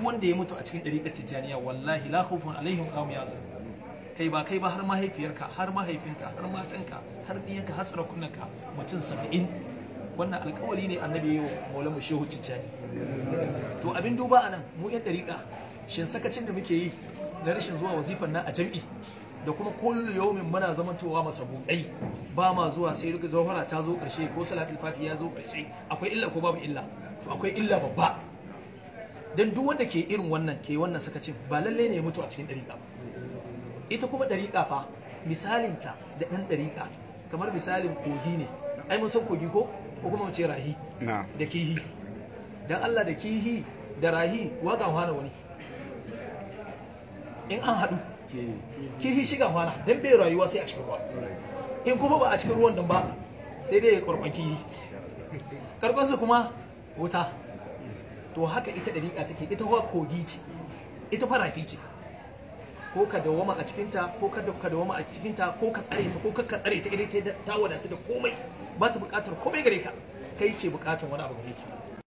duk wanda ya mutu a cikin ɗariƙar tijjaniya wallahi la khawfun alaihim aw yazun kai ba kai ba har mahaifiyarka har mahaifinka har matanka har diyanka har sarakunanka mutum saba'in wannan alkawari ne annabi yi maula mu shehu tijjani to abin duba a nan mu yan dariƙa shin sakacin da muke yi na rashin zuwa wazifan na a jam'i da kuma kullu yawmin muna zamantowa masabuƙai ba ma zuwa sai rika zawara ta zo ƙarshe ko salatul fati ya zo ƙarshe akwai illa ko babu illa to akwai illa babba don duk wanda ke irin wannan ke wannan sakacin ba lallai ne ya mutu a cikin dariƙa ba ita kuma dariƙa fa misalinta da ɗan dariƙa kamar misalin kogi ne ai mun san kogi ko ko kuma ce rahi da kihi dan Allah da kihi da rahi waka hana wani in an haɗu kihi shiga hana dan bai rayuwa sai a cikin ruwa in kuma ba a cikin ruwan dan ba sai dai ya karɓan kihi karɓansa kuma wuta to haka ita ɗariƙa take ita fa kogi ce ita fa rafi ce ko ka dawoma a cikinta ko ka ka dawoma a cikinta ko ka tsare ta ko ka tsare ta ita ta wadata da komai ba ta bukatar komai gare ka kai ke bukatar wani abu gare ta